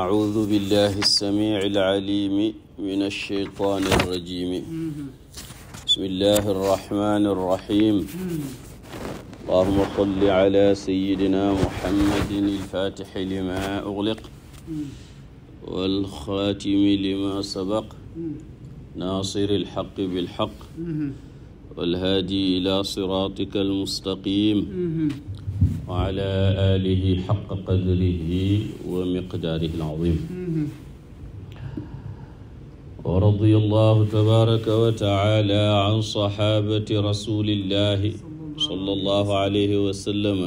أعوذ بالله السميع العليم من الشيطان الرجيم بسم الله الرحمن الرحيم اللهم صل على سيدنا محمد الفاتح لما أغلق والخاتم لما سبق ناصر الحق بالحق والهادي إلى صراطك المستقيم wa ala aalihi xaqa qadrihi wa miqdaarihi al-aziim wa radiya allahu tabaaraka wa taala an saxaabati rasuulillahi sallallahu alayhi wa sallam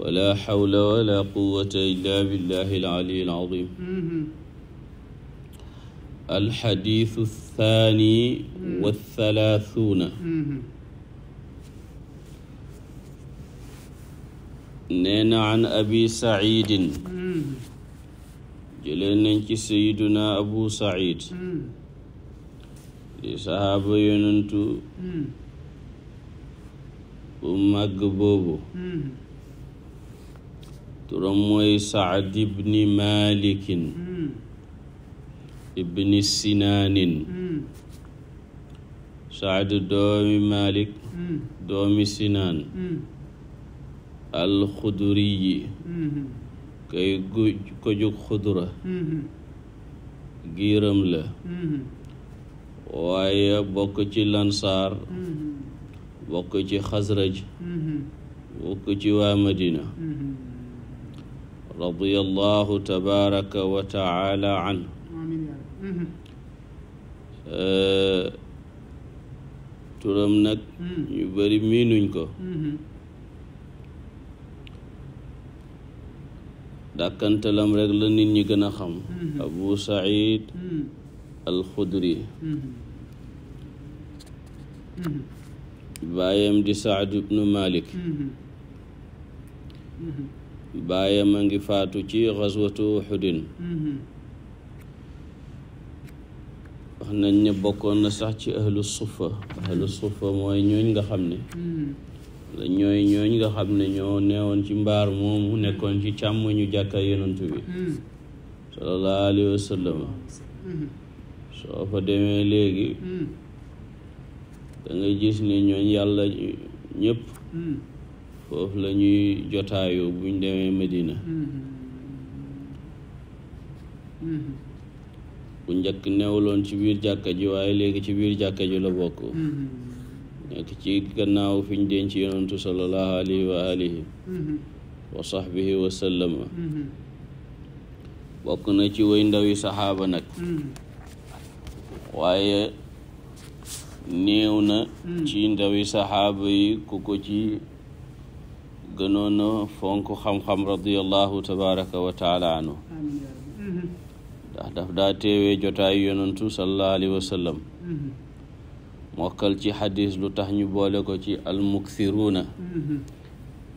wa laa xawla wa laa quwwata illaa billahi al-aliyyi al-aziim al-xadiisu ath-thaani wa ath-thalaathuuna nee na an abi saidin hmm. jëlee ci sayiduna abu said hmm. di sahaaba yonentu hmm. bu màgg boobu turam mooy saad ibni malikin ibni sinaanin saad doomi malik doomi sinaan alxuduriyi mm-hmm. kay gu ko jug xudura mm-hmm. giiram la mm-hmm. waaye bokk ci lansaar bokk ci xasraj bokk waa madina radiyallahu tabaraka wa taala anhu euh, turam nag ñu bari miinuñ ko dàkkantalam rek la nit ñi gën a xam mm-hmm. abu said mm-hmm. alxudri mm-hmm. baayam di saad ibnu malik baayam a ngi faatu ci xaswatu xudin wax nañ ne bokkoon na sax ci ahlu sufa ahlu sufa mooy ñooñ nga xam ne la ñooy ñooñ nga xam ne ñoo neewoon ci mbaar moom mu nekkoon ci càmmoñu jàkka yonent bi sallallahu alayhi soo fa demee léegi da nga gis ni ñooñ yàlla ñëpp foofu la ñuy jotaayoo buñ demee Medina bu njëkk neewuloon ci biir jàkka ji waaye léegi ci biir jàkka ji la bokk nekk ci gannaaw fi ñu denc yonantu sallallahu alayhi wa mhm. wa mhm. na ci way ndawi saxaaba nag mhm. waaye néew na ci ndawi saxaaba yi ku ko ci gënoon na fonk xam-xam radiallahu tabaraka wa taala anhu ndax daf daa teewee jotaayu yonantu sallallahu alayhi wa sallam mokkal ci xadis lu tax ñu boole ko ci almukthiruuna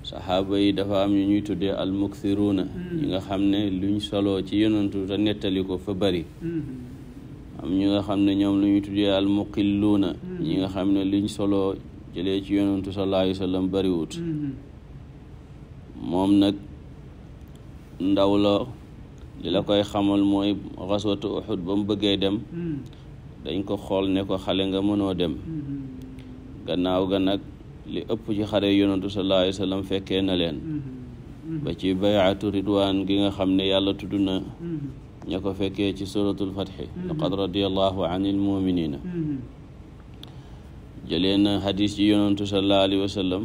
saxaaba yi dafa am ñu ñuy tuddee almukthiruuna mm-hmm. ñi nga xam ne luñ soloo ci yonantu te nettali ko fa bari mm-hmm. am ñi nga xam ne ñoom lu ñuy tuddee almuqilluuna mm-hmm. ñi nga xam ne luñ soloo jëlee ci yonantu sallallahu alayhi wa sallam bariwut moom nag ndaw loo li la koy xamal mooy xaswatu Uhud ba mu bëggee dem dañ ko xool ne ko xale nga mënoo dem gannaaw ga nag li ëpp ci xare yonantu sallallahu alayhi wa na leen ba ci bayaatu ridwaan gi nga xam ne yàlla tudd na ko fekkee ci suratul fatxi laqad radiallahu anil muminina jëlee na xadis ci yonantu sallallahu alayhi wa sallam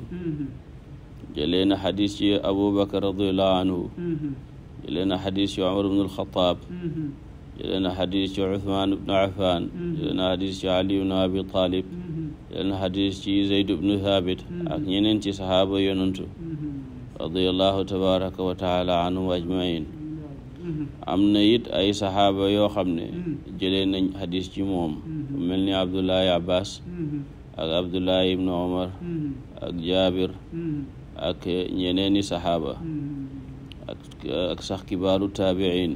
jëlee na xadis ci abubakar radiallahu anhu jëlee na xadis ci umar ibnul xataab jëlee na xadis ci Uthman ibnu Affan jëlee mm-hmm. na xadis ci Ali ibnu Abi Talib jëlee mm-hmm. na xadis ci Zayd ibnu Thabit mm-hmm. ak ñeneen ci saxaaba yonantu radiallahu tabaraka wa taala anhum ajmain am na it ay saxaaba yoo xam ne jëlee nañ xadis ci moom mel ni Abdullahi Abbas ak Abdullahi ibnu Omar ak Jaabir ak ñeneeni saxaaba ak sax kibaaru taabiin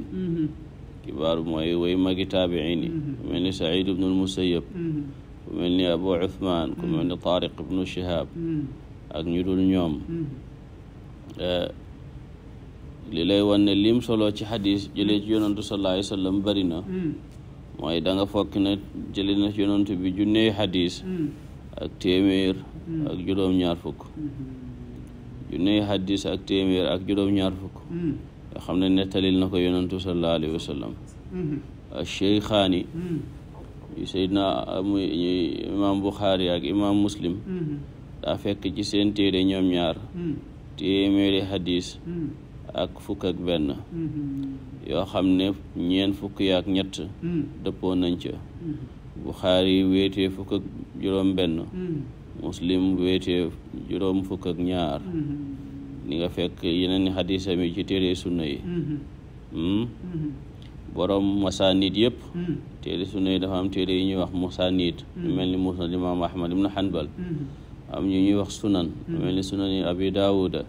kibaar mooy way magi taabiin yi mm-hmm. ku mel ni said ibnu almusayab mm-hmm. ku mel abu uthman ku mel tariq ibnu shihab mm-hmm. ak ñu dul ñoom eh, li lay wan ne lim solo ci xadis jëlee ci yonantu sallallahu alayhi wa mooy da nga fokk ne jëli bi junney xadis ak téeméer ak juróom-ñaar fukk nga xam ne nettalil na ko yonentu sallallahu alayhi wa sallam cheykhaani mm-hmm. mm-hmm. seydna imam buxaari ak imam muslim mm-hmm. daa fekk ci seen téere ñoom ñaar téeméeri hadis ak fukk ak benn yoo xam ne ñeen fukk yaak ñett dëppoo nañ ca buxaari fukk ak juróom benn muslim wéetee juróom fukk ak ñaar li nga fekk yeneen i xadisam yi ci téere sunna yi mm-hmm. hmm? mm-hmm. borom masaanid yëpp mm-hmm. téere sunna dafa am téere yi ñuy wax masaanid mel ni musnad imaam ahmad ibnu hanbal am ñu ñuy wax sunan mel ni sunan yi abi daawuda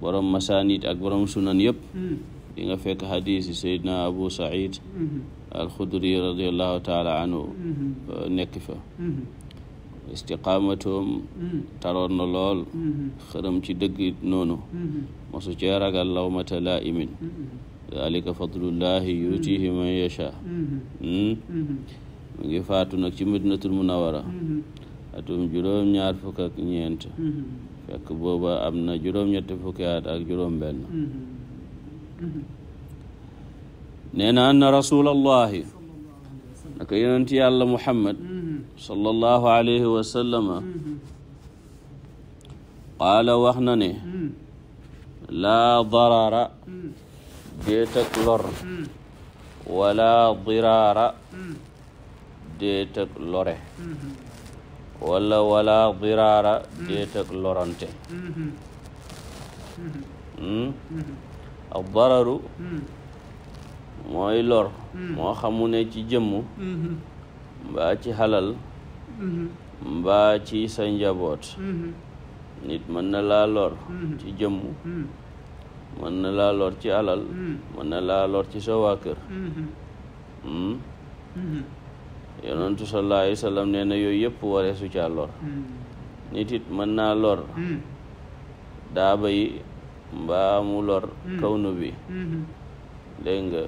borom masaanid ak borom sunan yëpp di fekk xadis yi saydna abu said alxudri radiallahu taala anhu nekk fa istiqaamatoom mm-hmm. taroon na lool mm-hmm. xëram ci dëgg noonu mm-hmm. mosu cee ragal lawmata laa'imin dalika fadlullahi yuutihi man yasha hmm? mu ngi faatu nag ci madinatul munawara atum juróom-ñaar fukk ñeent fekk booba am na juróom-ñetti fukki at ak juróom-benn nee na anna rasulallahi naka yonent yàlla muhammad sallallahu alayhi wa sallama qaala wax na ne laa darara déet ak lor wala diraara déet ak lore wala wala diraara déet ak lorante ak dararu mooy lor moo xamu ne ci jëmm mbaa ci xalal mm-hmm. mbaa ci sa njaboot mm-hmm. nit mën na laa lor mm-hmm. ci jëmm mën na laa lor ci alal mën na laa lor ci sa waa kër yonentu sallallahu alayhi wa sallam nee yooyu yëpp waree su caa lor nit it mën na lor daaba yi mbaa mu lor kawnu bi dégg nga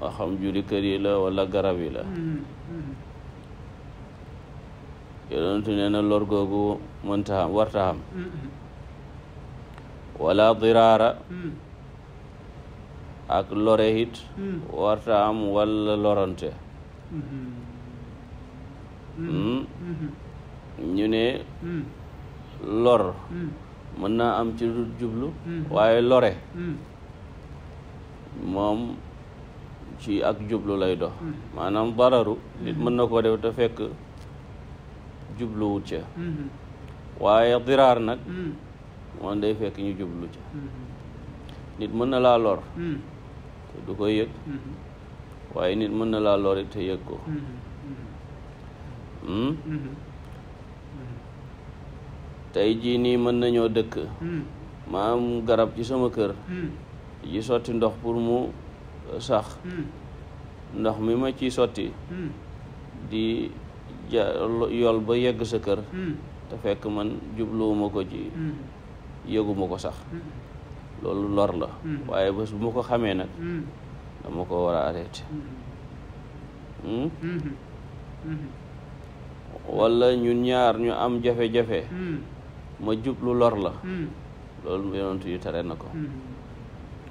waxam juri kër yi la wala garab yi la yonentu nee na lor googu mënta xam warta xam mm-hmm. wala diraara mm-hmm. ak lore it mm-hmm. warta am wala lorante ñu ne lor mën naa am ci dul jublu waaye lore moom ci ak jublu lay dox maanaam dararu nit mën def te fekk jubluwut ca mm-hmm. waaye diraar nag mm-hmm. moom day fekk ñu jublu ca mm-hmm. nit mën na laa lor te du ko yëg waaye nit mën na laa lor te yëg ko hmm? tey jii nii mën nañoo dëkk ma am garab ci sama kër ji sotti ndox pour mu uh, sax ndox mi ma ciy sotti di yol ba yegg sa kër hmm. te fekk man jubluwuma ko ci hmm. yëguma ko sax hmm. loolu lor la waaye bés bu ma ko xamee nag dama ko war a arrêté wala ñun ñaar ñu am jafe-jafe ma jublu lor la loolu yonent yu tere na ko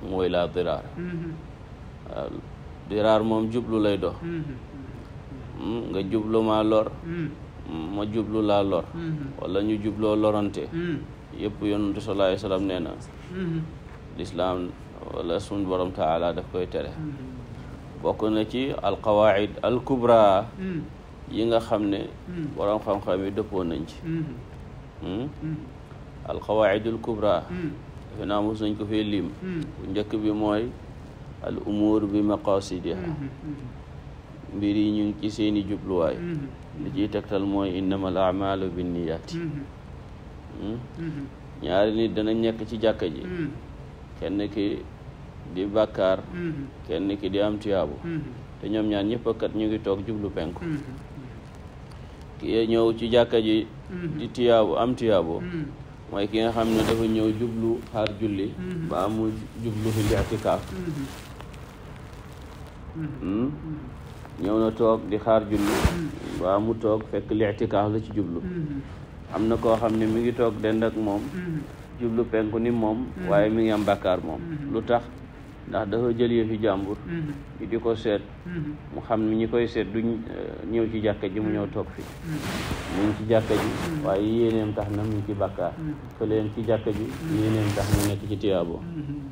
mooy laa diraar waaw diraar moom jublu lay dox nga jublu maa lor hmm. ma jublu laa lor hmm. wala ñu jubloo lorante hmm. yëpp yonantu sallallahu alayhi wa sallam nee lislaam wala sun borom taala daf koy tere bokk na ci alqawaid alkubra yi nga xam ne borom xam-xam yi dëppoo nañ ci alqawaidul kubra defe naa mos nañ ko fee lim bu njëkk bi mooy al umur bi maqasidiha mbir yi ñu ngi ci seeni jubluwaay mm-hmm. li ciy tegtal mooy innamal a'maalu binniyaati mm-hmm. mm-hmm. ñaari nit dana ñekk ci jàkka ji kenn ki di bàkkaar kenn ki di am tuyaabu te ñoom ñaar ñëpp kat ñu ngi toog jublu penku ki ñëw ci jàkka ji di tuyaabu am tuyaabu mooy ki nga xam ne dafa ñëw jublu xaar julli ba amul jublu fi li ñëw na toog di xaar julli waa mu toog fekk li'tikaaf la ci jublu am na koo xam ne mi ngi toog dend ak moom jublu penku ni moom waaye mi ngi am bakkaar moom lu tax ndax dafa jël yëfi jàmbur ñu di ko seet mu xam ne ñi koy seet duñ eh, ñëw ci jàkka ji mu ñëw toog fi mu ngi ci jàkka ji waaye yéeneem tax na mu ci bàkkaar fëleen ci jàkka ji yéeneem tax mu nekk ci tiyaabo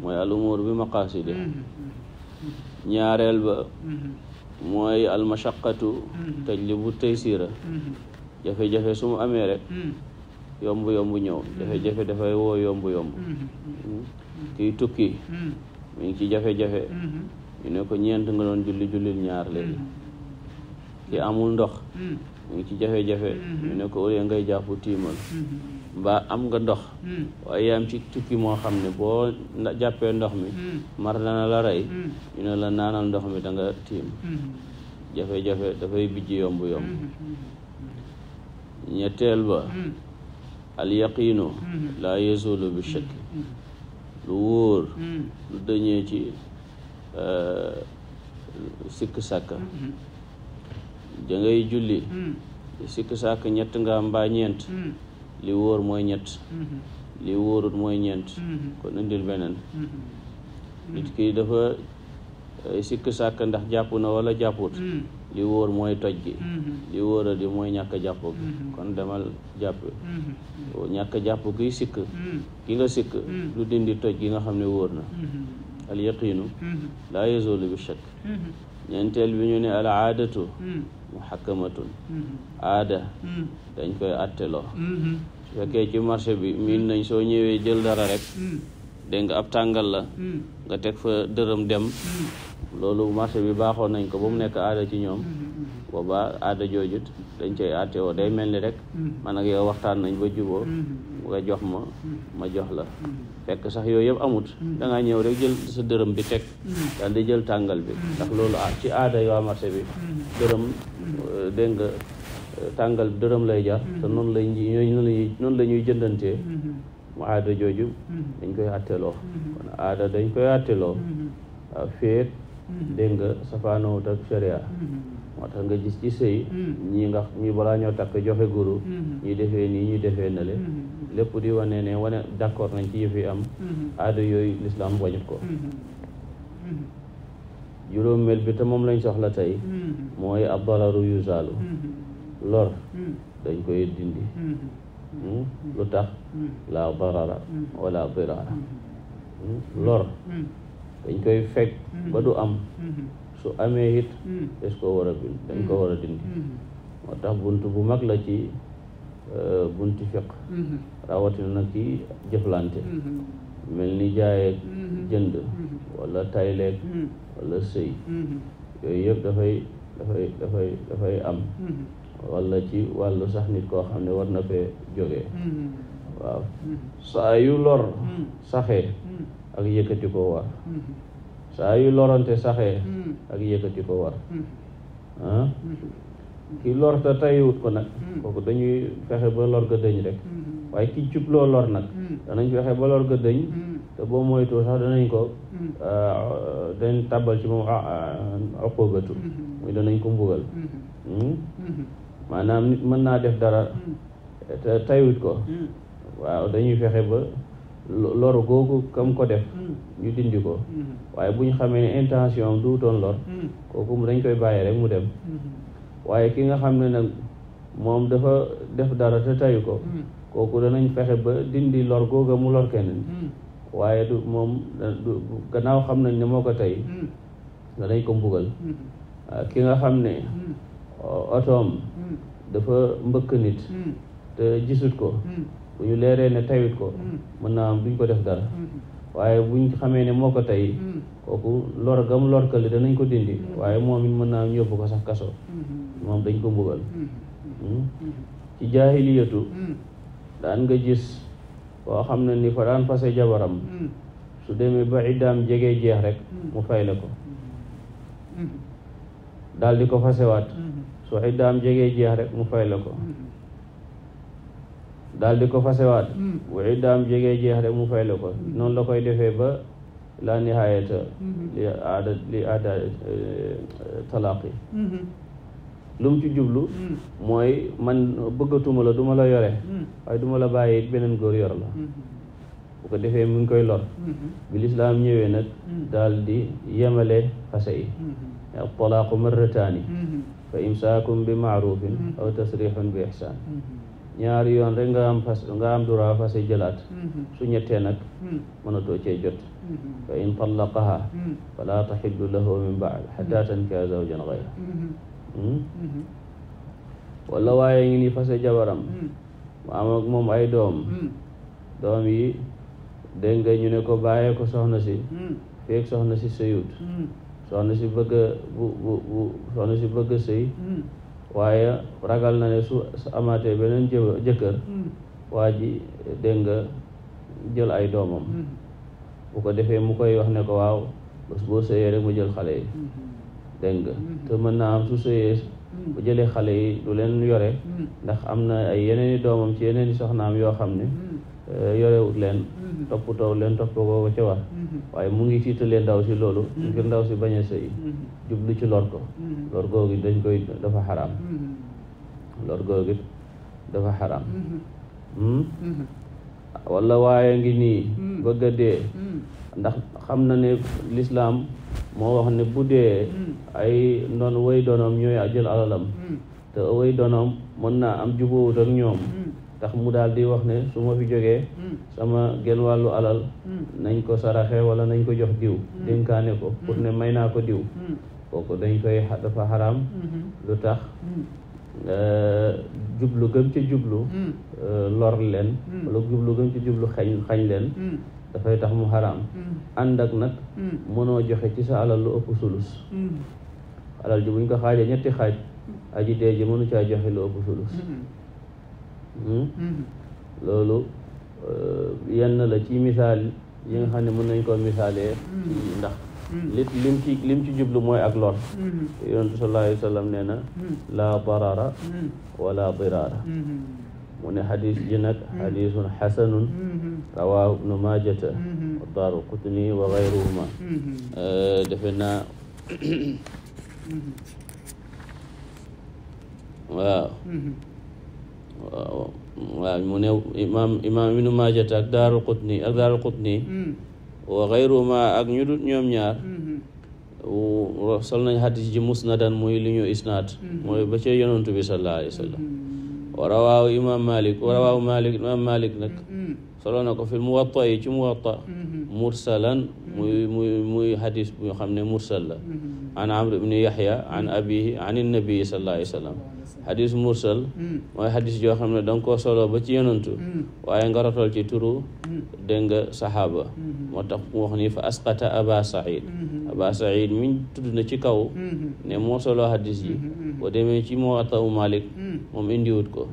mooy al umuur bi maqaaside ñaareel ba mooy almashaqatu tajlibu taysira jafe-jafe su amee rek yomb-yomb ñëw jafe-jafe dafay woo yomb-yomb kii tukki mi ngi ci jafe-jafe ñu ne ko ñeent nga doon julli jullil ñaar léegi kii amul ndox mu ngi ci jafe-jafe ñu ne ko au ngay jàpp tiimal mbaa am nga ndox hmm. waaye yaam ci tukki moo xam ne boo jàppee ndox mi hmm. mar dana la rey hmm. ñu ne la naanal ndox mi da nga tiim jafe-jafe dafay bijj yomb yomb ñetteel ba al laa yazulu bi shakk lu wóor lu dëñee ci euh, sikk sàkk da julli sikk sàkk ñett nga mbaa ñeent li wóor mooy ñett mhm. li wóorut mooy ñeent mhm. kon indil beneen mhm. nit ki dafa eh, sikk sàkk ndax jàpp na walla jàpput li wóor mooy toj gi li wóora di mooy ñàkk jàpp kon demal jàpp ñàkk jàpp gi sikk ki nga sikk lu dindi toj gi nga xam ne wóor na al yaqiinu mm-hmm. laa yazulu bi shakk mm-hmm. ñeenteel bi ñu ne al aadatu mm-hmm. muhakkamatun aada dañ koy atteloo fekkee ci marché bi miin nañ soo ñëwee jël dara rek dégg nga ab tàngal la nga teg fa dërëm dem loolu marché bi baaxoon nañ ko ba mu nekk aada ci ñoom boobaa aada joojut dañ cay àtte woo day mel ni rek man ak yow waxtaan nañ ba juboo nga jox ma ma jox la fekk sax yooyu yëpp amut da ñëw rek jël sa dërëm bi teg daal di jël tàngal bi ndax loolu ci aada yoo marché bi dërëm euh, dégg nga euh, tàngal dërëm lay jar te noonu lañ ñooñu noonu la ñuy jëndantee mu aada jooju dañ koy àtteloo kon aada dañ koy àtteloo waaw mm-hmm. féet mm-hmm. dégg nga safaanowut ak sharia mm-hmm. moo nga gis ci sëy hmm. ñi nga ñi balaa ñoo takk joxe guru hmm. ñi defee nii ñi defee nale hmm. lépp di wane ne wane d'accord nañ ci yëf yi am aada yooyu lislaam wañut ko juróomeel bi te moom lañ soxla tey mooy ab dararu yuzaalu lor dañ koy dindi lu tax la darara wala dirara lor dañ koy fekk ba du am su amee it hmm. des koo war a bind dañ ko hmm. war a dindi hmm. moo tax bunt bu mag la ci euh, bunti fiq rawatina nag ci jëflante mel ni jaayeeg jënd wala tayleeg wala sëy yooyu yëpp dafay dafay dafay dafay am wala ci wàllu sax nit koo xam ne war na fee jógee waaw saa yu lor saxee ak yëkkati ko war saa yu lorante saxee hmm. ak yëkkati ko war hmm. ah hmm. ki lor te tayut ko nag kooku dañuy fexe ba lor ga dëñ rek waaye ki jubloo lor nag danañ fexe ba lor ga dëñ te boo moytu sax danañ ko ah, dañ tabal ci moom aqubatu ah, ah, muy danañ ko mbugal maanaam nit mën naa def dara te tayut ko waaw dañuy fexe ba loru googu kam ko def hmm. ñu dindi ko hmm. waaye bu ñu xamee ne intention am duutoon lor hmm. kooku mu dañ koy bàyyi rek mu dem waaye ki nga xam ne nag moom dafa def dara te tayu ko kooku danañ fexe ba dindi lor googa mu lor keneen waaye du moom gannaaw xam nañ ne moo ko tey danañ ko mbugal ah, ki nga xam ne otoom dafa mbëkk nit te gisut ko bu ñu leeree ne tayut ko mm. mën naa am buñ ko def dara mm-hmm. waaye buñ xamee ne moo ko tey mm-hmm. kooku lor gam lor danañ ko dindi mm-hmm. waaye moom it mën naa am yóbbu ko sax kaso moom dañ ko mbugal ci jaahiliyatu daan nga jis koo xam ne ni fa daan fase jabaram su demee ba iddaam jege jeex rek mu fay la ko daal di ko fasewaat soo iddaam jege jeex rek mu fay la ko daal di ko fasewaat bu mm. iddaam jegee jeex rek mu fayle ko mm. noonu la koy defee ba la nihaayata mm-hmm. li eh, talaaqi mm-hmm. lu mu ci jublu mm. mooy man bëggatuma la duma la yore waaye duma la bàyyi beneen góor yor la mm-hmm. bu ko defee mu ngi koy lor bi lislaam ñëwee nag daal di yemale fase yi talaaqu marrataani fa imsaakum bi maarufin aw tasrixun bi ixsaan ñaari yoon rek nga am fas nga am droit fase jëlaat mm-hmm. su ñettee nag mm-hmm. mënatoo cee jot mm-hmm. fa in tallaqaha fala taxillu lahu min baad xata tankiha zawjan gayra hmm? wala waaye ngi ni fase jabaram mm. mu am moom ay doom mm. doom yi dégg nga ñu ne ko bàyyee ko soxna si mm. feeg soxna si sëyut soxna si bëgg a sëy waaye ragal na ne su amaatee beneen jëkkër hmm. waa ji dégg nga jël ay doomam hmm. bu ko defee mu koy wax ne ko waaw bés boo sëyee rek mu jël xale yi hmm. dégg te mën naa am su sëyee bu jëlee xale yi du leen yore ndax am na ay yeneeni doomam ci yeneen yeneeni soxnaam yoo xam ne eh, yorewut leen Mm-hmm. toppatoo leen toppatoo ko ca war mm-hmm. waaye mu ngi tiitalee ndaw si loolu mm-hmm. ngir ndaw si bañ a sëy jublu ci lor ko lor dañ koy dafa xaraam lor googu dafa xaram hmm? walla waaye ngi nii mm. bëgg a dee mm. ndax xam na ne lislaam moo wax ne bu dee mm. ay noon way donoom ñooy jël alalam te way donoom mën naa am jubóowut ak ñoom tax mu daal di wax ne su ma fi jógee hmm. sama genn wàllu alal hmm. nañ ko saraxe wala nañ ko jox diw hmm. dénkaane ko pour ne may naa ko diw kooku dañ koy dafa xaraam lu tax euh, jublu gën ca jublu euh, lor leen wala jublu gëm ca jublu xañ xañ leen dafay tax mu xaraam ànd ak nag mënoo joxe ci sa alal lu ëpp sulus alal ji buñ ko xaajee ñetti xaaj aji dee ji mënu caa joxe lu ëpp sulus Hmm? Hmm. loolu eh, yenn la ci misaal yi nga xam ne mën nañ koo misaalee ci hmm. ndax li lim ci lim ci jublu mooy ak lor yonentu sallallahu alayhi wa sallam nee na laa barara wala dirara mu ne xadis ji nag xadisun xasanun rawaahu ibnu maajata wa daaru qutni wa gayruhuma eh, defe naa waaw waaw mu ne imaam imaam ibnu maajata ak daaru qutni ak daaru qutni hmm. wa xayruma ak ñu dut ñoom ñaar hmm. sol nañ xadis ji musnadan muy li ñu isnaat hmm. mooy ba ca yonantu bi sallallahu alayhi wa sallam wa rawaaw imaam malik wa rawaaw malik imaam malik nag solo na ko fi muwatta yi ci muwatta mursalan muy muy muy xadis bu xam ne mursal la an amr ibni yahya an abihi an innabii sallallahu alayhi wa sallam xadis mursal hmm. mooy xadis joo xam ne don nga koo solo ba ci yonantu hmm. waaye nga rotol ci turu hmm. dégg nga saxaaba moo tax mu wax nii fa asqata aba said aba said mi tudd na ci kaw ne moo solo xadis yi boo demee ci muwatta u malik moom indiwut ko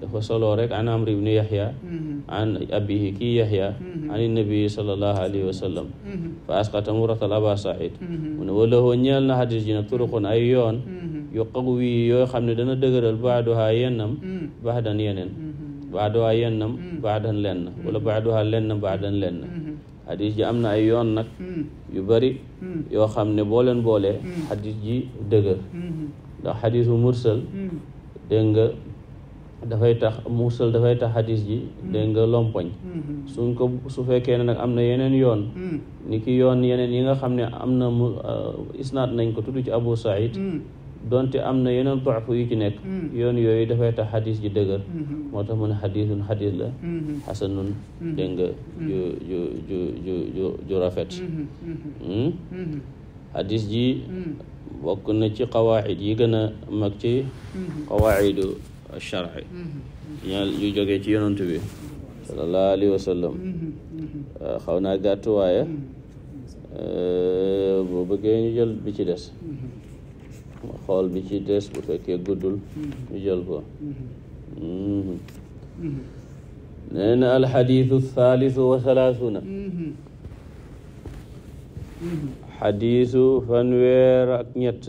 dafa solo rek an amri ibni yaxya an abihi kii yaxya an nabi sallallahu alayhi wa fa asqata mu rotal aba said mu ne walahoo ñeel na xadis ji nag turuqun ay yoon yu qawwi yoo xam ne dana dëgëral baaduha yennam mm. baadan yeneen mm-hmm. baaduha yennam mm. baadan lenn mm-hmm. wala baaduha lenn baadan lenn xadis mm-hmm. ji am na ay yoon nag mm. yu bari yoo xam ne boo leen boolee xadis ji dëgër ndax xadisu mursal dégg nga dafay tax mursal dafay tax xadis ji dégg nga lompoñ suñ ko su fekkee ne nag am na yeneen yoon ni ki yoon yeneen yi nga xam ne am na euh, isnaat nañ ko tudd ci Abu Saïd donte am na yeneen doxfu yu ci nekk hmm. yoon yooyu dafay tax xadis ji dëgër hmm. moo tax mu ne xadisun xadis la hmm. xasanun dégg nga ju rafet xadis ji bokk na ci qawaacid yi gën a mag ci qawaacidu charci yu jógee ci yonent bi sallallahu alayhi wa sallam ah, xaw naa gàtt waaye eh, boo bëggee ñu jël bi ci des xool bi ci des bu fekkee guddul ñu jël ko mm-hmm. Mm-hmm. nee na alxadiisu thaalithu wa thalaathuuna mm-hmm. xadiisu fanweer ak ñett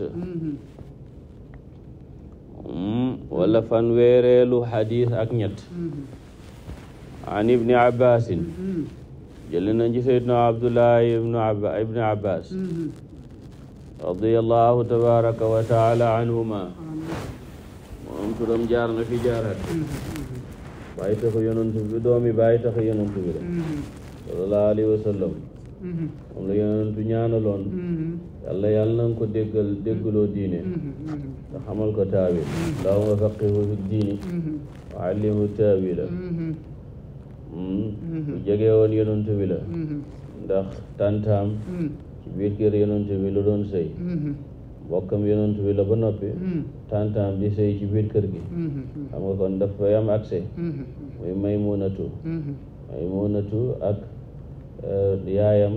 wala fanweereelu xadiis ak ñett an ibni abbasin jëli nañ ci seydna abdullah ibnu abbas radiyallahu tabaraka wa taala anhuma moom turam jaar na fi jaaraat bàyyi taxu yonent bi doomi bàyyi taxu yonent bi la sallallahu alayhi wa sallam moom la yonentu ñaanaloon yàlla yàlla na nga ko déggal déggaloo diine te xamal ko taawil allahumma faqihu fi diini wa allimhu taawila bu hmm? jege woon yonent bi la ndax tantaam biir kër yonent bi la doon sëy mm-hmm. bokkam yonent bi la ba noppi mm-hmm. tantam di sëy ci biir kër gi mm-hmm. xam nga kon dafay am accès muy Maymunatu Maymunatu ak euh, yaayam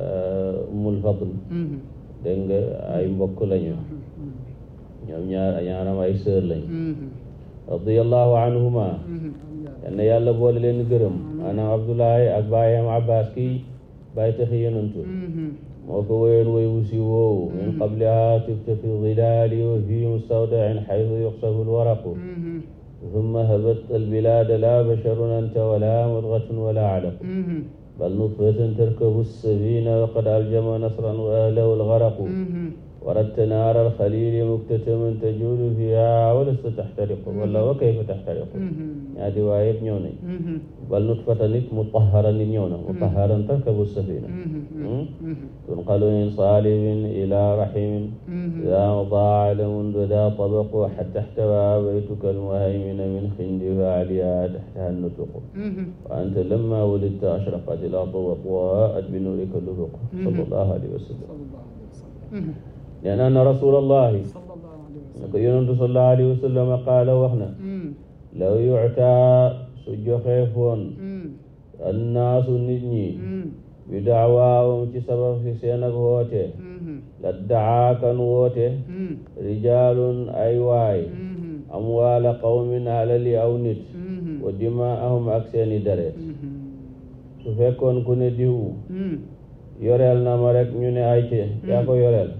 euh, Ummul Fadl dégg ay mbokk lañu ñaaram ay sœur lañ radiallahu anhuma yal na yàlla boole leen gërëm maanaam Abdoulaye ak baayam Abbas kii bàyyi taxi yonantu mm-hmm. moo ko wéyoon way wu si woowu mm-hmm. min qabliha tibta fi zilaali wa fi mustawdain xaytu yuxsafu lwaraqu summa mm-hmm. habat albilaada laa basharun anta wala mudgatun wala alaqu bal nutfatan tarkabu sabina waqad aljama nasran wa ahlahu algaraqu waradtana ala alxalili muktataman tajuudu fiha walasta taxtariqu wala wa kayfa taxtariqu ñaari riwaaya yëpp ñëw nañ bal nutfatan it mutaharan it ñëw na mutaharan tarkabu safina tunqalu min saalibin ila rahimin ida madaa alamun bada tabaqu xata xtawa baytuka almuhaymina min xindi faaliha taxtaha nutuqu wa anta lamma walidta ashraqat ilardu wa taat bi nuurika luhuq sallallahu alayhi wa sallam nee na anna rasulallahi ne ko yonentu sallallahu alayhi wa sallam qaala wax na hmm. law yuctaa su joxeefoon hmm. annaasu nit ñi hmm. bi daawaawam ci sabab si seen ak woote la daakan woote rijaalun ay waay amwaala qawmin alali aw nit wa dimaahum ak seeni deret su fekkoon ku ne diw yoreel na ma rek ñu ne ay ce yaa ko yoreel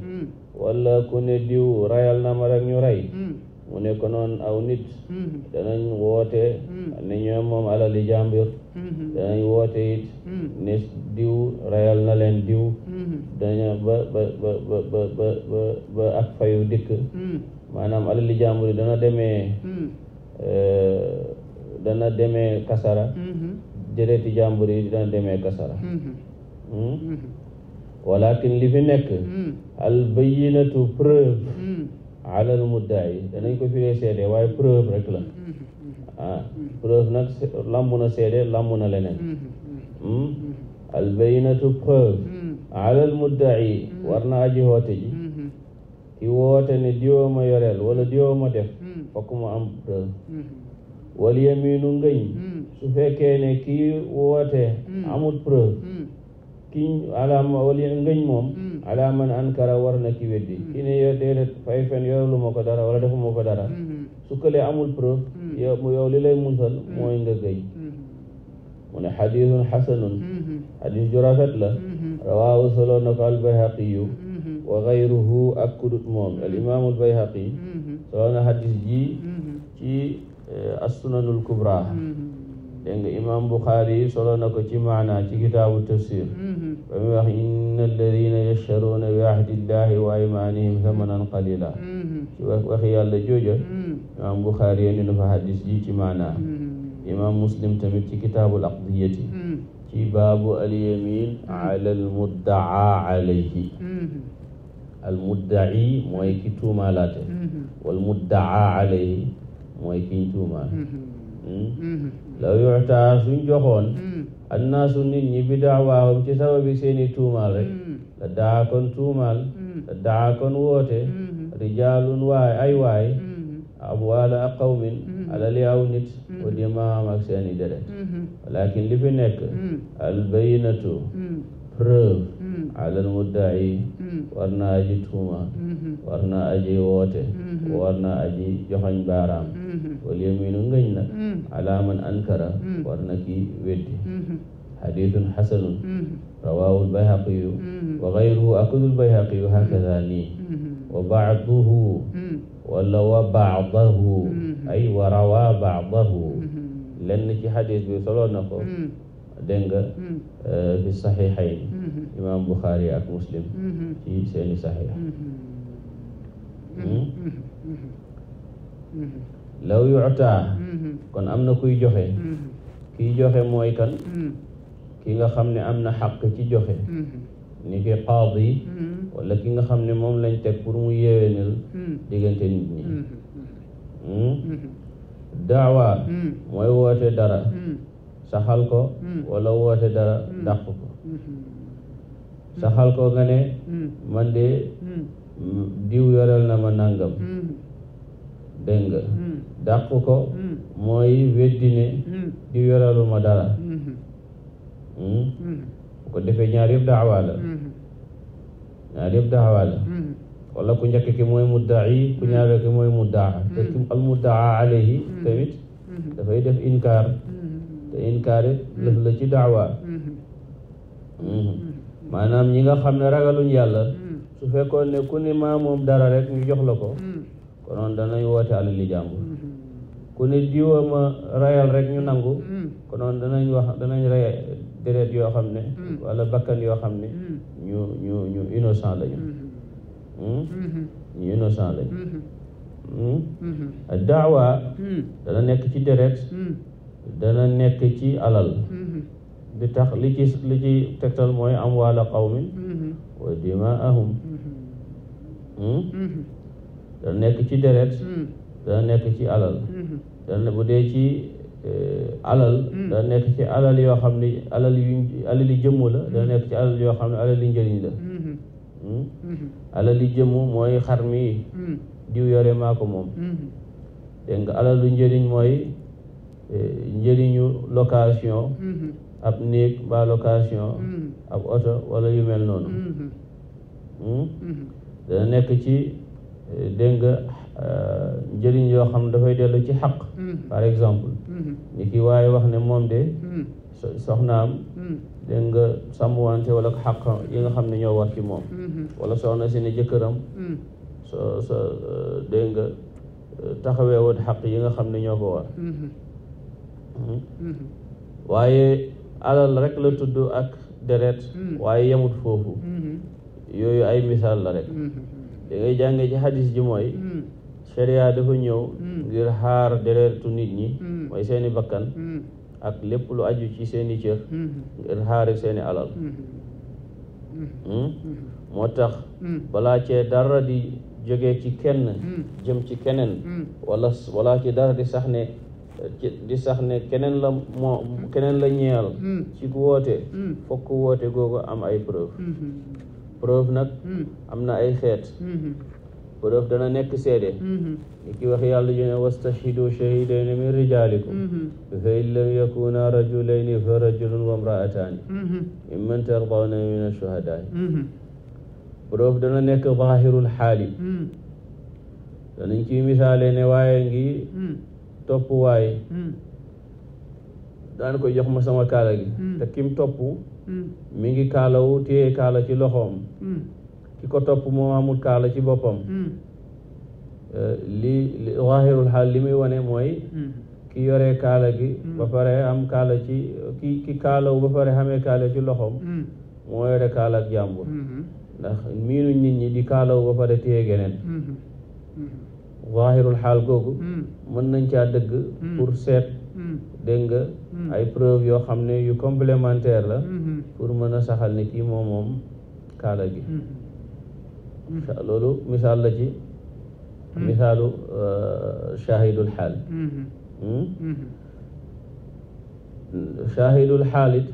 wala ku ne diw rayal na ma rek ñu ray mm. mu ne ko noon aw nit mm-hmm. danañ woote mm. ne ñoom moom alali jàmbur mm-hmm. danañ woote it mm. ne diw rayal na leen diw mm-hmm. daña ba ba ba ba ba ba ak fayu dikk maanaam alali jàmbur yi dana demee eh, dana demee kasara jëreeti jàmbur yi dana demee kasara hmm? walakin li fi nekk hmm. albayinatu preuve hmm. alal muddaay danañ ko firee seede waaye preuve rek la hmm. Ah, nag lamb na seede lamb na leneen albayinatu preuve alal muddaay war na aji woote ji ki woote ne diwoo ma yoreel wala diwoo ma def fokk mu am wal yaminu ngëñ su fekkee ne ki woote amut preuve ki ala wali ngëñ moom hmm. ala man ankara war na ki weddi hmm. ki ne yow déedéet fay fen yoralu ma ko dara wala defuma ko dara hmm. su këlee amul preuve yow li lay musal mooy nga gëñ mu ne xadisun xasanun xadis ju rafet la rawaahu solo na ko albayhaqiyu wa gayruhu ak kudut moom al imaamu albayhaqi solo na xadis ji ci eh, assunanul kubra dégg nga imaam Buxaari solo na ko ci maana ci kitaabu tafsir mm-hmm. ba mu wax inna alladina yashtaruuna bi ahdillahi wa aymanihim thamanan qalila mm-hmm. ci waxi yàlla jooja mm-hmm. imaam Buxaari yéen na fa hadis ji ci maana imaam Muslim tamit ci kitaabul aqdiyati ci baabu alyamin ala almuddaa alayhi almuddai mooy ki tuumaalaate wal muddaa alayhi mooy kiñ tuumaal Mm-hmm. law yutaa suñ joxoon mm-hmm. annaasu nit ñi bi daawaahum ci sababi seeni tuumaal rek mm-hmm. la daa tuumaal la daa woote rijaalun waay ay waay abwaala qawmin alali aw nit wa dimaam ak seeni deret walakin li fi nekk albayinatu preuve alal mudda'i war aji tuuma war aji woote war aji joxoñ baaraam wal yaminu ngëñ la mm. ala man ankara mm. war na ki weddi xadithun mm-hmm. xasanun mm-hmm. rawahu lbayhaqiyu mm-hmm. wa gayruhu akudu lbayhaqiyu hakada nii wa baaduhu wala wa baadahu ay wa rawa baadahu lenn ci xadis bi solo na ko dégg nga eh, fi saxiixayn imam Buxaari ak muslim ci seeni saxiix hmm? law yuta mm-hmm. kon am na kuy joxe mm-hmm. kiy joxe mooy kan mm-hmm. ki nga xam ne am na xàq ci joxe ni ki qaadi wala ki nga xam ne moom lañ teg pour mu yéwénal diggante nit ñi hmm? daawa mooy woote dara saxal ko wala woote dara dàq ko saxal ko nga ne man de diw yoreel na ma nangam dégg nga hmm. dàq ko hmm. mooy weddi ne hmm. di yoralu dara bu ko defee ñaar yëpp daawaa la ñaar yëpp daawaa la wala ku njëkk ki mooy muddaci ku ñaareel ki mooy muddaa te ki al muddaa alayhi tamit dafay def inkaar te inkaar it lëf la ci daawa maanaam ñi nga xam ne ragaluñ yàlla su fekkoon ne ku ne maa moom dara rek ñu jox la ko konoon danañ woote alal li jàmbur ku ne diwa ma rayal rek ñu nangu mm. konoon danañ wax danañ rey deret yoo xam ne mm. wala bakkan yoo xam ne mm. ñu ñu ñu innocent lañu mm-hmm. Hmm? Mm-hmm. ñu innocent lañu mm-hmm. hmm? daawa dana nekk ci deret dana nekk ci alal bi tax li ci li ci tegtal mooy amwaala qawmin wa dimaahum hmm? dana nekk ci deret mm. dana nekk ci alal mm-hmm. dana bu dee ci eh, alal mm. dana mm. nekk ci alal yoo xam ne alal yu alali jëmm la dana nekk ci alal yoo xam ne alali njëriñ la mm-hmm. mm-hmm. alali jëmm mooy xar mi diw yore maa ko moom dégg nga alalu njëriñ mooy eh, njëriñu location ab néeg mbaa location ab oto wala yu mel noonu dana nekk ci dégg nga euh, njëriñ yoo xam ne dafay dellu ci xaq mm-hmm. par exemple mm-hmm. ni ki waaye wax ne moom de mm-hmm. soxnaam dégg nga sàmmwante wala xaq yi nga xam ne ñoo war ci moom wala soxna si ne jëkkëram so so euh, dégg nga euh, taxawee woon xaq yi nga xam ne ñoo ko war waaye alal rek la tudd ak deret waaye yemut foofu yooyu ay misaal la rek da ngay jànge ci hadis ji mooy hmm. sharia dafa ñëw hmm. ngir xaar dereetu nit ñi hmm. mooy seeni bakkan ak lépp lu aju ci seeni cër ngir xaari seeni alal moo tax balaa cee dara di jóge ci kenn jëm ci keneen wala wala ci dara di sax ne di sax ne keneen la moo keneen la ñeel ci ku woote fokk woote googu am ay preuve preuve nag hmm. am na ay xeet hmm. preuve dana nekk seede hmm. ni wax yàlla ju ne wastashhidu min rijalikum fa in yakuna rajulayni fa rajulun wa imraatani mimman tardawna min ashuhadaai preuve dana nekk zahirul xaali danañ ciy misaale ne waaye ngi topp waaye daan ko jox ma sama kaala gi Mm. mi ngi kaalawu téye kaala ci loxoom mm. ki ko topp moo amul kaala ci boppam mm. eh, li waahirul xaal li muy wane mooy ki yoree kaala gi ba pare am kaala ci ki ki kaalawu ba pare xamee kaala ci loxoom moo yore kaala ak jàmbur mm-hmm. ndax miinu nit ñi di kaalawu ba pare téye geneen waahirul mm-hmm. mm-hmm. xaal googu mën nañ caa dëgg pour seet Mm-hmm. dégg nga mm-hmm. ay preuve yoo xam ne yu complémentaire la mm-hmm. pour mën a saxal ni kii moom moom kaala gi loolu misaal la ci misaalu euh, shahidul xaal hmm? shahidul xaalit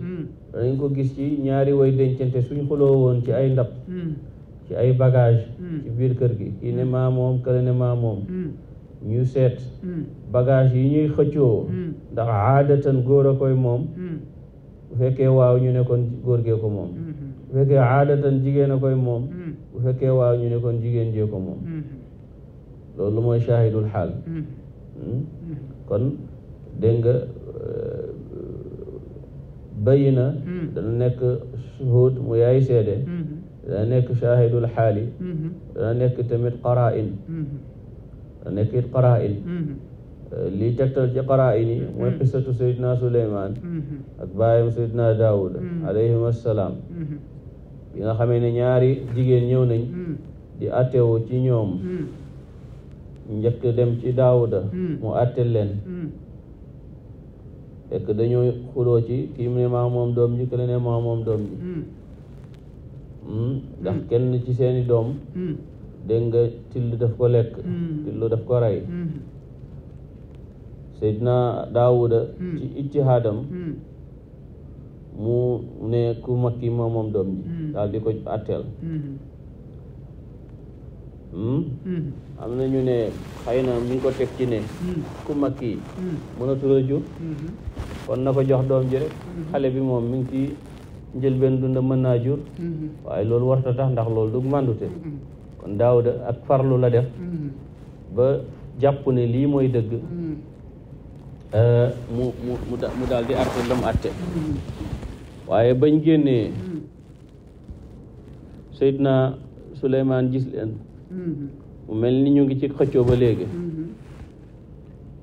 danañ ko gis ci ñaari woy dencante suñ xuloo woon ci ay ndab ci ay bagage ci biir kër gi kii ne maa moom kële ne maa moom ñu seet bagage yi ñuy xëccoo ndax aadatan góor a koy moom bu fekkee waaw ñu nekkoon góor gee ko moom bu fekkee jigéen koy moom bu fekkee waaw ñu nekkoon jigéen jee ko moom loolu mooy shahidul xaal kon dégg nga euh, bayi na dana nekk shuhud mu yaay seede dana nekk shahidul xaali dana nekk tamit qara'in nekk it qaraa'in mm-hmm. eh, lii tegtal ci qaraa'in yi mooy qissatu mm-hmm. sayidna suleymaan mm-hmm. ak baayam sayidna daawud alayhim assalaam yi nga xamee ne ñaari jigéen ñëw nañ di attewu ci ñoom njëkk dem ci daawuda mu atte leen fekk dañoo xuloo ci kii moom doom ji hmm? kenn ci seeni doom dégg nga till daf ko lekk mm. tillu daf ko rey mm. Seydina Daawuda mm. ci ijtihaadam mu ne ku mag ki moom doom ji daal di ko atteel hmm? am na ñu ne xëy na mi ko teg ci ne ku mag ki mënatul jur mm-hmm. kon na ko jox doom ji rek mm-hmm. xale bi moom mi ngi ci njël dund mën naa jur mm-hmm. waaye loolu warta tax ndax loolu du mandute kon daawuda ak farlu la def mm. ba jàpp ne lii mooy dëgg mm. euh, mu mu mu daal di mm. waaye bañ génnee Seydina Suleymaan gis leen mm-hmm. mu mel ni ñu ngi ci xëccoo ba léegi mm-hmm.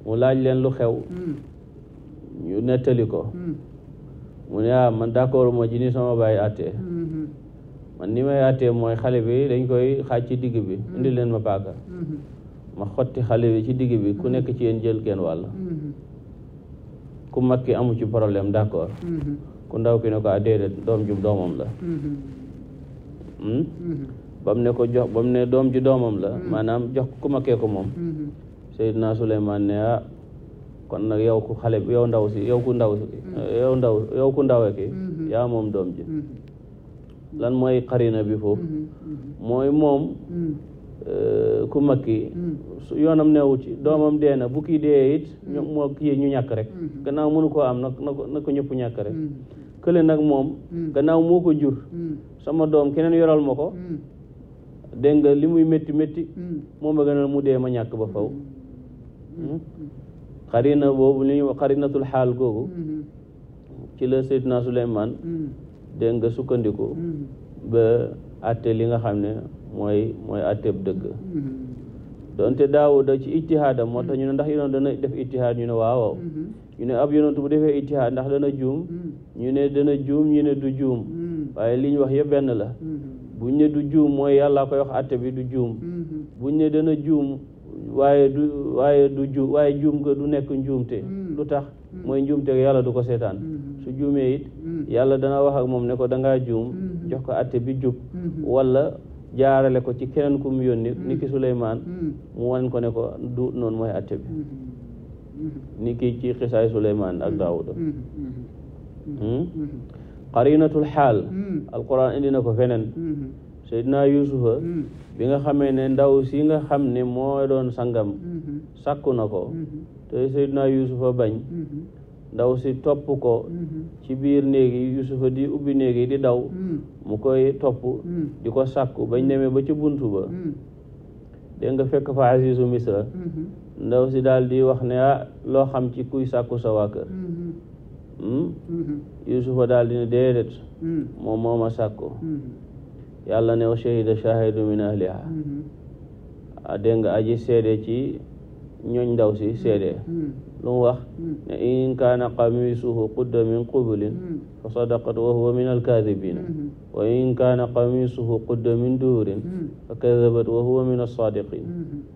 mu laaj leen lu xew ñu nettali ko mu ne ah man d'accord moo ji ni sama bàyyi man ni may àttee mooy xale bi dañ koy xaaj ci digg bi mm-hmm. indi leen ma paaka mm-hmm. ma xotti xale bi ci digg bi ku nekk ci yéen jël kenn wàll mm-hmm. ku mag ki amu ci problème d'accord ku ndaw ki ne ko ah, déedéet doom ji doomam la hmm? ba mu ne jox ba mu ne doom ji doomam la maanaam jox ku makkee ko moom Seydina Suleymaan ne ah kon nag yow ku xale yow ndaw si yow ku ndaw si yow ndaw yow ki yaa moom doom ji lan mooy xarina bi foofu mm-hmm. Mm-hmm. mooy moom mm. euh, ku mag ki mm. yoonam neewu ci doomam dee na bu kii dee it mm. moo kii ñu ñàkk rek mm-hmm. gannaaw mënu koo am na ko na ñëpp ñàkk rek kële nag moom gannaaw moo ko jur sama doom keneen yoral ma ko dégg nga li muy métti metti moom ba gënal mu dee ma ñàkk ba faw hmm? xarina boobu li ñuy wax xarinatul xaal googu ci la Seydina Suleymaan dégg nga sukkandiku mm-hmm. ba atte li nga xam ne mooy mooy atteb dëgg mm-hmm. donte daawuda ci ijtihaadam moo tax ñu ne ndax yonoon dana def ijtihaad ñu ne waaw mm-hmm. ñu ne ab yonontu bu defee ijtihaad ndax dana juum ñu ne dana juum ñu ne du juum waaye li ñu wax yëpp benn la buñ ne du juum mooy yàlla koy wax atte bi du juum buñ ne dana juum waaye du waaye du juum waaye juum nga du nekk njuumte lu tax mooy njuumte yàlla du ko seetaan su juumee it yàlla dana wax moom ne ko dangaa juum mm-hmm. jox ko atte bi jub mm-hmm. wala jaarale ko ci keneen ku mu yónni mm-hmm. ni mu wan ko ne ko du noonu mooy atte bi ni ki ci xisaay Suleymaan ak Daawuda hmm? qarinatul xaal alquran indi na ko feneen Seydina Yuusufa bi nga xamee ne ndaw si nga xam ne moo doon sangam sàkku na ko te Seydina Yuusufa bañ ndaw si topp ko mhm. ci biir néegi yusufa di ubbi néegi di daw mhm. mu koy topp mhm. di ko sàkku bañ demee ba ca buntu ba dégg nga fekk fa azizu misra ndaw si daal wax ne ah loo xam ci kuy sàkku sa waa kër hmm? yusufa daal di ne déedéet moom moo sàkku yàlla ne wa shahida shahidu min ahliha ah, dégg nga aji seede ci ñooñ ndaw si seede lu mu wax ne hmm. in kaana qamisuhu qudda min qublin hmm. fa sadaqat wa huwa min alkaadibina hmm. wa in kaana qamisuhu qudda min duurin fa kadabat wa huwa min alsaadiqin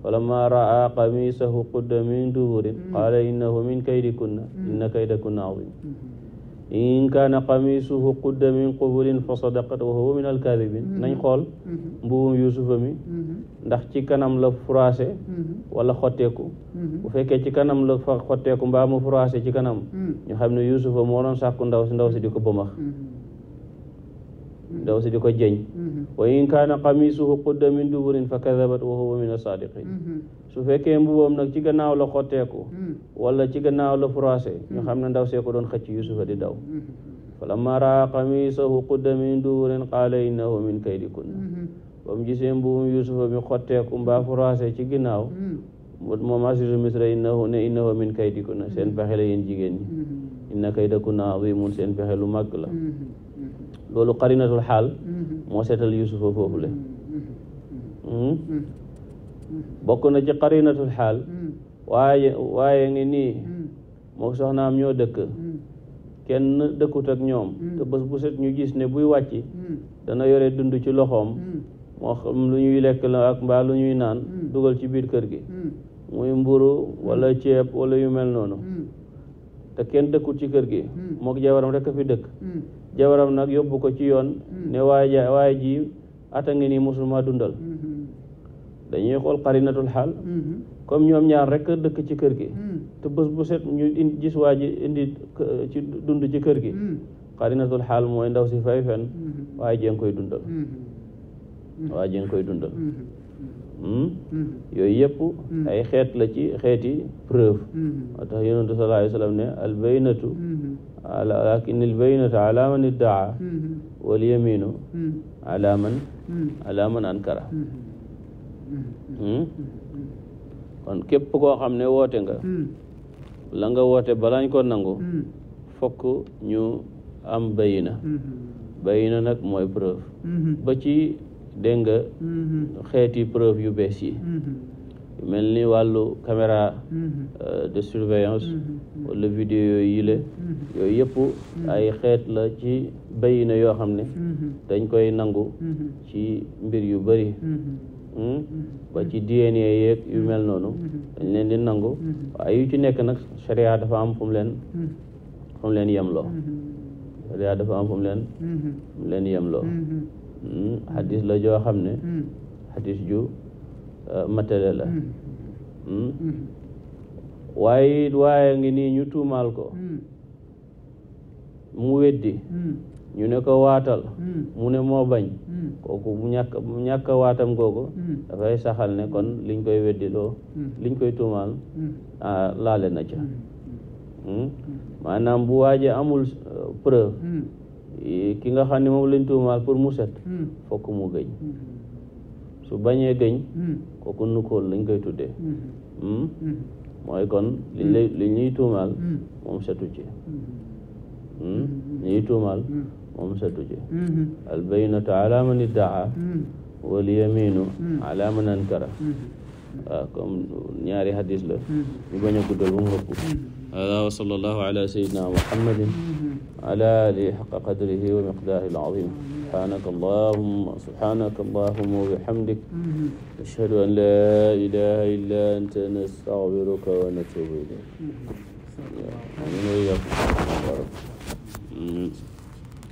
falamma ra'a qamisahu qudda min duurin qaala innahu min kaydikunna inna kaydakunna azim in kaana xamisuhu qudda min qubulin fa sadaqat wa huwa min alkaadibin nañ xool mbubum yusufa mi ndax ci kanam la froissé wala xotteeku bu fekkee ci kanam la fa xotteeku mbaa mu ci kanam ñu xam ne yusufa moo doon sàkku ndaw si ndaw si di ko bëmax ndaw mm-hmm. si di ko jëñ mm-hmm. wa in kaana qamisuhu qudda min duburin fa kadabat wa huwa min asaadiqin mm-hmm. su fekkee mbuboom nag ci gannaaw la xotteeku wala ci gannaaw la froissé ñu xam ne ndaw see ko doon xëcc yusufa di daw fa lamma raa qamisahu qudda min duburin qaala innahu min kaydikunna ba ci ginnaaw moom asiru misra innahu ne innahu min seen pexe la yéen jigéen ñi inna kaydakunna azimun seen pexe lu mag la loolu qarinatul xaal mm-hmm. moo seetal yusufa foofu le mm-hmm. mm-hmm. bokk na ci qarinatul xaal waaye waaye ngi nii moo soxnaam ñoo dëkk kenn dëkkut ak ñoom te bés bu set ñu gis ne buy wàcc dana yore dund ci loxoom moo xam lu ñuy lekk la ak mbaa lu ñuy naan dugal ci biir kër gi muy mburu wala ceeb wala yu mel noonu te kenn dëkkut ci kër gi mook jabaram rek a fi dëkk jabaram nag yóbbu ko ci yoon hmm. ne waaye ja waaye ji ata ngi ni musulma dundal dañuy xool xarinatul xaal comme ñoom ñaar rek dëkk ci kër gi hmm. te bés bu set ñu gis waa ji indi ci dund ci kër gi hmm. xarinatul xaal mooy ndaw si fay fen waaye jéeng koy dundal waaye koy dundal yooyu yëpp ay xeet la ci xeeti preuve moo tax yonentu sallallahu lakin albayyinatu ala iddaa wal yaminu ala ankara kon képp koo xam ne woote nga la woote balaañ ko nangu fokk ñu am bayina bayina nag mooy preuve ba ci dégg nga xeeti preuve yu bees yi mel ni wàllu caméra euh, de surveillance wala vidéo yi la yooyu mm-hmm. mm-hmm. ay xeet la ci na yoo xam ne mm-hmm. dañ koy nangu ci mbir yu bari hmm? ba ci DNA yeeg yu mel noonu dañ leen di nangu waaye yu ci nekk nag sharia dafa am fu mu leen fu mu leen yemloo sharia dafa am fu mu leen fu mu leen yemloo xadis hmm? la joo xam ne xadis ju uh, matériel la hmm? waaye it waaye ngi nii ñu tuumaal ko hmm. mu weddi hmm. ñu ne ko waatal hmm. mu ne moo bañ kooku bu ñàkk ñàkk waatam googu dafay saxal ne kon liñ koy weddiloo liñ koy tuumaal ah, laale na ca maanaam bu waaje amul euh, preuve ki nga xam ne moom lañ tuumaal pour mu set fokk mu gëñ su bañee gëñ kooku nukkool lañ koy tuddee mooy kon liñ hmm. lay li ñuy tuumaal hmm. moom setu ci hmm. ñuy tuumaal moom setu ci albayinatu ala man iddaa wal yaminu ala man ankara waaw comme ñaari hadis la ñu bañ a guddal bu mu ëpp hada wa sallallahu ala sayyidina muhammadin wa ala alihi haqqa qadrihi wa miqdaarihi al-azim subhanaka allahumma subhanaka allahumma wa bihamdik ashhadu an la ilaha illa anta nastaghfiruka wa natubu ilayk